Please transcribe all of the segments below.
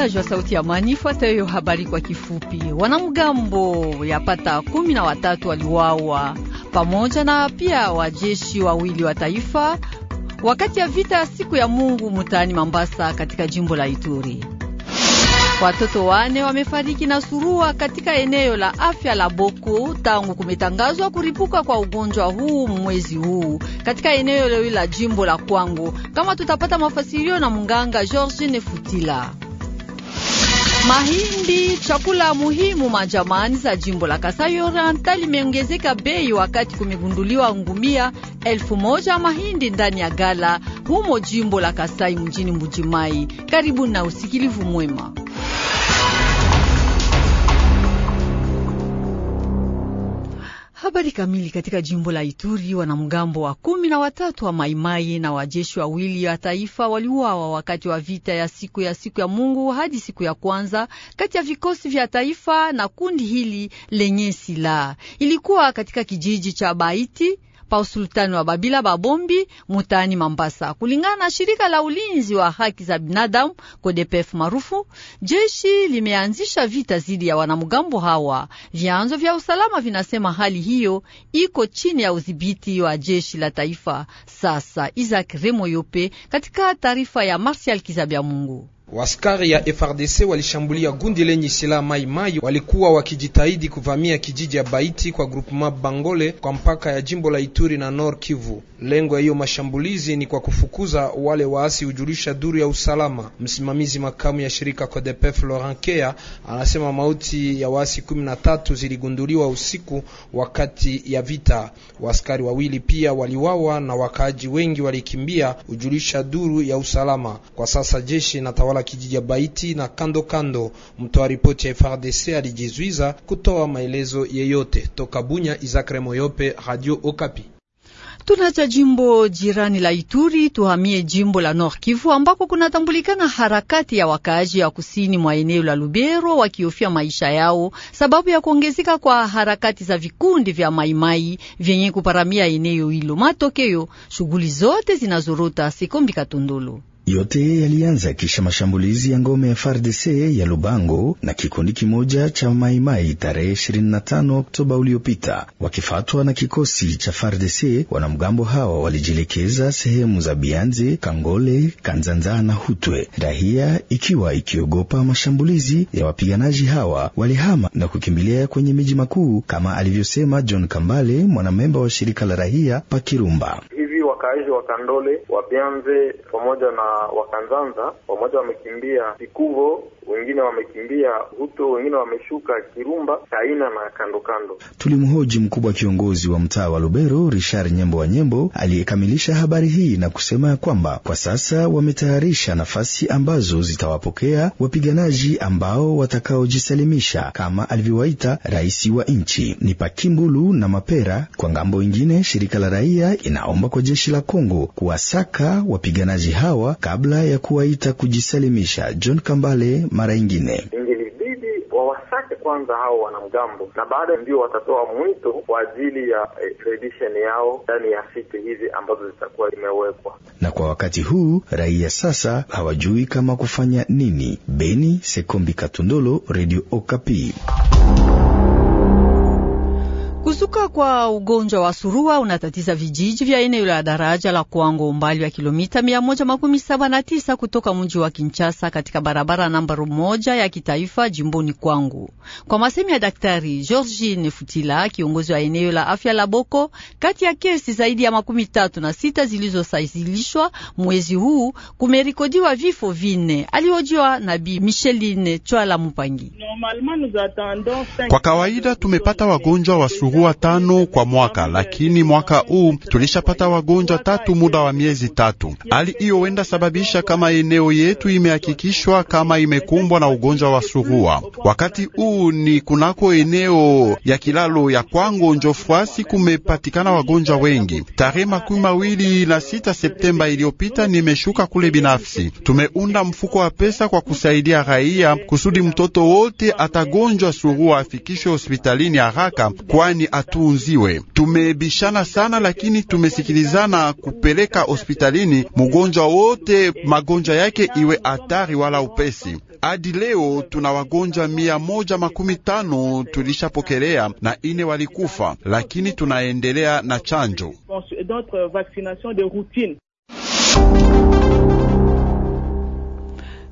Msikilizaji wa Sauti ya Amani, fuata hiyo habari kwa kifupi. Wanamgambo yapata kumi na watatu waliwawa pamoja na pia wajeshi wawili wa taifa wakati ya vita ya siku ya Mungu mtaani Mambasa katika jimbo la Ituri. Watoto wane wamefariki na surua katika eneo la afya la Boko tangu kumetangazwa kuripuka kwa ugonjwa huu mwezi huu katika eneo leo la jimbo la Kwango, kama tutapata mafasirio na munganga George Nefutila. Mahindi, chakula muhimu majamani za jimbo la Kasai Oriental, imeongezeka bei wakati kumegunduliwa ngumia elfu moja mahindi ndani ya gala humo jimbo la Kasai mjini Mbujimai. Karibu na usikilivu mwema. Habari kamili. Katika jimbo la Ituri, wanamgambo wa kumi na watatu wa Maimai na wajeshi wawili wa taifa waliuawa wakati wa vita ya siku ya siku ya Mungu hadi siku ya kwanza kati ya vikosi vya taifa na kundi hili lenye silaha. Ilikuwa katika kijiji cha Baiti pa usultani wa Babila Babombi mutaani Mambasa. Kulingana na shirika la ulinzi wa haki za binadamu CODEPEF maarufu, jeshi limeanzisha vita zidi ya wanamgambo hawa. Vyanzo vya usalama vinasema hali hiyo iko chini ya udhibiti wa jeshi la taifa. Sasa Isaac Remoyope katika taarifa ya Martial Kizabya Mungu. Waskari ya FRDC walishambulia gundi lenye silaha Mai Mai, walikuwa wakijitahidi kuvamia kijiji ya Baiti kwa groupement Bangole kwa mpaka ya jimbo la Ituri na Nord Kivu. Lengo ya hiyo mashambulizi ni kwa kufukuza wale waasi, hujulisha duru ya usalama. Msimamizi makamu ya shirika CODEPE Florent Kea anasema mauti ya waasi kumi na tatu ziligunduliwa usiku wakati ya vita. waskari wawili pia waliwawa na wakaaji wengi walikimbia, hujulisha duru ya usalama. Kwa sasa jeshi inatawala kijiji ya Baiti na kando kando. Mtoa ripoti ya frdc alijizuiza kutoa maelezo yeyote. Toka Bunya, Isaac Remoyope, Radio Okapi. Tunacha jimbo jirani la Ituri tuhamie jimbo la Nord Kivu ambako kunatambulikana harakati ya wakaaji wa kusini mwa eneo la Lubero wakihofia maisha yao sababu ya kuongezeka kwa harakati za vikundi vya maimai vyenye kuparamia eneo hilo. Matokeo, shughuli zote zinazorota. Sikombi Katundulu. Yote yalianza kisha mashambulizi ya ngome ya FARDC ya Lubango na kikundi kimoja cha Maimai tarehe 25 Oktoba uliopita. Wakifatwa na kikosi cha FARDC, wanamgambo hawa walijielekeza sehemu za Bianze, Kangole, Kanzanza na Hutwe. Rahia ikiwa ikiogopa mashambulizi ya wapiganaji hawa, walihama na kukimbilia kwenye miji makuu, kama alivyosema John Kambale, mwanamemba wa shirika la Rahia Pakirumba wakaaji wa Kandole, Wabyanze pamoja na Wakanzanza wamoja wamekimbia kikuvo wengine wamekimbia Huto, wengine wameshuka Kirumba, Kaina na kando kando. Tulimhoji mkubwa kiongozi wa mtaa wa Lubero Richard Nyembo wa Nyembo aliyekamilisha habari hii na kusema ya kwamba kwa sasa wametayarisha nafasi ambazo zitawapokea wapiganaji ambao watakaojisalimisha kama alivyowaita rais wa nchi. Ni Pakimbulu na Mapera. Kwa ngambo ingine, shirika la raia inaomba kwa jeshi la la Kongo kuwasaka wapiganaji hawa kabla ya kuwaita kujisalimisha. John Kambale mara ingine wawasake kwanza hao wanamgambo na baada ndio watatoa mwito kwa ajili ya eh, redisheni yao ndani ya siku hizi ambazo zitakuwa imewekwa. Na kwa wakati huu raia sasa hawajui kama kufanya nini. Beni Sekombi Katundolo, Radio Okapi. Kuzuka kwa ugonjwa wa surua unatatiza vijiji vya eneo la daraja la Kwango umbali wa kilomita 179 kutoka mji wa Kinshasa katika barabara namba moja ya kitaifa jimboni Kwangu. Kwa masemi ya Daktari Georgine Futila, kiongozi wa eneo la afya la Boko, kati ya kesi zaidi ya makumi tatu na sita zilizosajilishwa mwezi huu kumerikodiwa vifo vinne. Alihojiwa na Bi Micheline Chwala Mupangi. Kwa kawaida tumepata wagonjwa wa surua tano kwa mwaka, lakini mwaka huu tulishapata wagonjwa tatu muda wa miezi tatu. Hali hiyo huenda sababisha kama eneo yetu imehakikishwa kama imekumbwa na ugonjwa wa surua. Wakati huu ni kunako eneo ya kilalo ya Kwango Njofuasi kumepatikana wagonjwa wengi. Tarehe makumi mawili na sita Septemba iliyopita nimeshuka kule binafsi. Tumeunda mfuko wa pesa kwa kusaidia raia kusudi mtoto wote atagonjwa surua afikishwe hospitalini haraka, kwani tuunziwe. Tumebishana sana, lakini tumesikilizana kupeleka hospitalini mgonjwa wote, magonjwa yake iwe hatari wala upesi. Hadi leo tuna wagonjwa mia moja makumi tano tulishapokelea na ine walikufa, lakini tunaendelea na chanjo.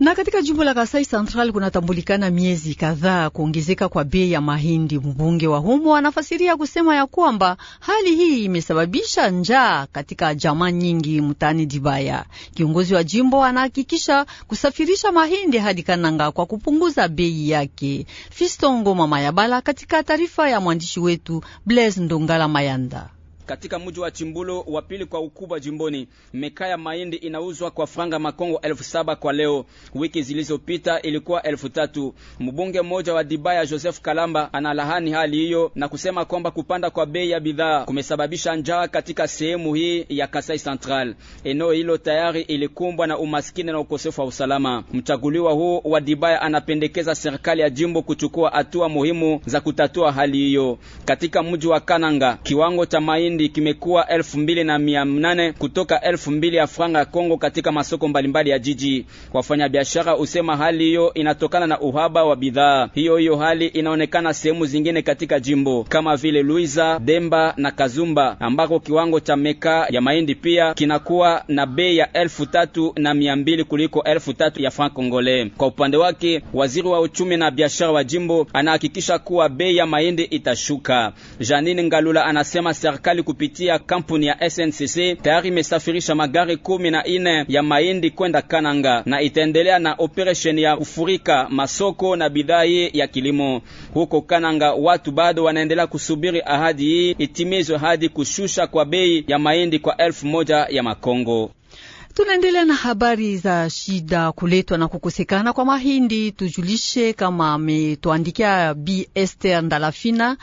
Na katika jimbo la Kasai Central kunatambulikana miezi kadhaa kuongezeka kwa bei ya mahindi. Mbunge wa humo anafasiria kusema ya kwamba hali hii imesababisha njaa katika jamaa nyingi mtaani Dibaya. Kiongozi wa jimbo anahakikisha kusafirisha mahindi hadi Kananga kwa kupunguza bei yake. Fistongo Mama Yabala katika taarifa ya mwandishi wetu Blaise Ndongala Mayanda katika mji wa Chimbulo wa pili kwa ukubwa jimboni. Meka ya mahindi inauzwa kwa franga makongo elfu saba kwa leo, wiki zilizopita ilikuwa elfu tatu. Mbunge mmoja wa Dibaya Joseph Kalamba analahani hali hiyo na kusema kwamba kupanda kwa bei ya bidhaa kumesababisha njaa katika sehemu hii ya Kasai Central. Eneo hilo tayari ilikumbwa na umaskini na ukosefu wa usalama. Mchaguliwa huu wa Dibaya anapendekeza serikali ya jimbo kuchukua hatua muhimu za kutatua hali hiyo. Katika mji wa Kananga kiwango cha mahindi Burundi kimekuwa elfu mbili na mia nane kutoka elfu mbili ya franga ya Kongo katika masoko mbalimbali ya jiji. Wafanyabiashara usema hali hiyo inatokana na uhaba wa bidhaa. Hiyo hiyo hali inaonekana sehemu zingine katika jimbo kama vile Luiza, Demba na Kazumba, ambako kiwango cha meka ya mahindi pia kinakuwa na bei ya elfu tatu na mia mbili kuliko elfu tatu ya franc kongole. Kwa upande wake, waziri wa uchumi na biashara wa jimbo anahakikisha kuwa bei ya mahindi itashuka. Janine Ngalula anasema serikali kupitia kampuni ya SNCC tayari imesafirisha magari kumi na ine ya mahindi kwenda Kananga na itaendelea na operesheni ya kufurika masoko na bidhaa ya kilimo huko Kananga. Watu bado wanaendelea kusubiri ahadi hii itimizwe hadi kushusha kwa bei ya mahindi kwa elfu moja ya makongo. Tunaendelea na habari za shida kuletwa na kukosekana kwa mahindi. Tujulishe kama ametuandikia Bi Esther Ndalafina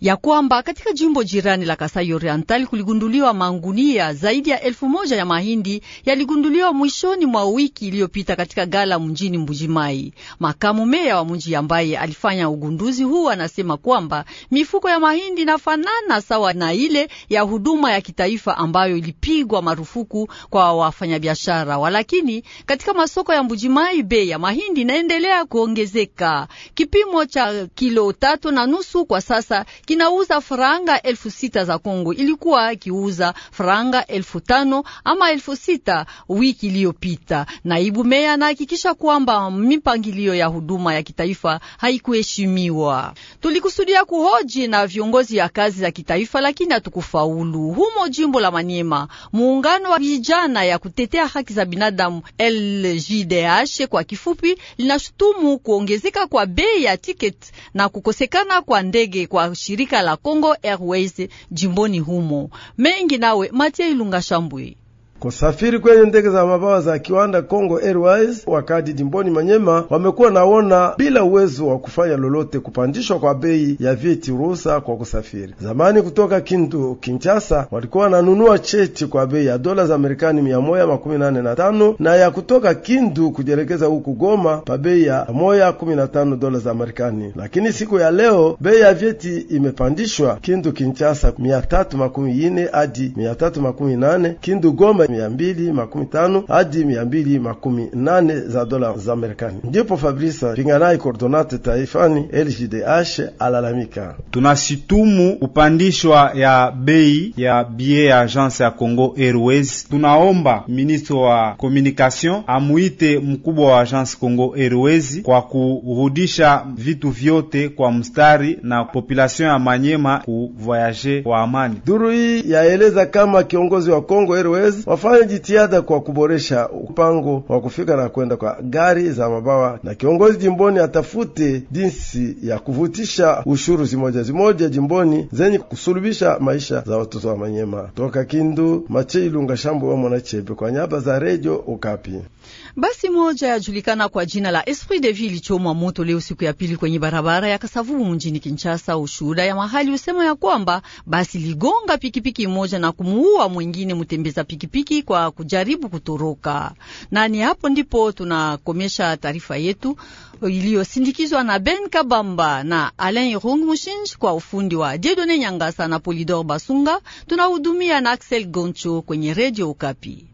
ya kwamba katika jimbo jirani la Kasai Oriental kuligunduliwa mangunia zaidi ya elfu moja ya mahindi yaligunduliwa mwishoni mwa wiki iliyopita katika gala mjini Mbujimai. Makamu meya wa mji ambaye alifanya ugunduzi huu anasema kwamba mifuko ya mahindi inafanana sawa na ile ya huduma ya kitaifa ambayo ilipigwa marufuku kwa wafanyabiashara, walakini katika masoko ya Mbujimai bei ya mahindi inaendelea kuongezeka. Kipimo cha kilo tatu na nusu kwa sasa kinauza franga elfu sita za Kongo, ilikuwa kiuza franga elfu tano ama elfu sita wiki iliyopita. Naibu meya anahakikisha kwamba mipangilio ya huduma ya kitaifa haikuheshimiwa. Tulikusudia kuhoji na viongozi ya kazi za kitaifa, lakini hatukufaulu. Humo jimbo la Maniema, muungano wa vijana ya kutetea haki za binadamu LJDH kwa kifupi, linashutumu kuongezeka kwa bei ya tiketi na kukosekana kwa ndege kwa shiri shirika la Congo Airways jimboni humo. Mengi nawe Matia Ilunga Shambwe. Kusafiri kwenye ndege za mabawa za kiwanda Congo Airways wakati jimboni Manyema wamekuwa naona bila uwezo wa kufanya lolote kupandishwa kwa bei ya vyeti ruhusa kwa kusafiri. Zamani kutoka Kindu Kinshasa walikuwa wananunua cheti kwa bei ya dola za Amerikani mia moja makumi nane na tano na ya kutoka Kindu kujielekeza huku Goma pa bei ya moja kumi na tano dola za Amerikani, lakini siku ya leo bei ya vyeti imepandishwa Kindu Kinshasa mia tatu makumi ine hadi mia tatu makumi nane Kindu Goma dola mia mbili makumi tano hadi mia mbili makumi nane za dola za Marekani. Ndipo Fabrisa Pinganayi, kordonate taifani LGDH, alalamika: tunasitumu kupandishwa ya bei ya bie ya agence ya Congo Airways. Tunaomba ministre wa communication amuite mkubwa wa agence Congo Airways kwa kurudisha vitu vyote kwa mstari na population ya Manyema kuvoyaje kwa amani. Duru hii yaeleza kama kiongozi wa Congo Airways wa wafanya jitihada kwa kuboresha mpango wa kufika na kwenda kwa gari za mabawa, na kiongozi jimboni atafute jinsi ya kuvutisha ushuru zimoja zimoja jimboni zenye kusulubisha maisha za watoto wa Manyema. Toka Kindu, Machei Lunga Shambo wa Mwanachepe kwa nyaba za Redio Okapi. Basi moja yajulikana kwa jina la Esprit de Ville ilichomwa moto leo siku ya pili kwenye barabara ya Kasavubu mjini Kinshasa. Ushuhuda ya mahali usema ya kwamba basi ligonga pikipiki moja na kumuua mwingine mtembeza pikipiki kufariki kwa kujaribu kutoroka. Na ni hapo ndipo tunakomesha taarifa yetu iliyosindikizwa na Ben Kabamba na Alain Rung Mushinj, kwa ufundi wa Diedone Nyangasa na Polidor Basunga. Tunahudumia na Axel Goncho kwenye Redio Okapi.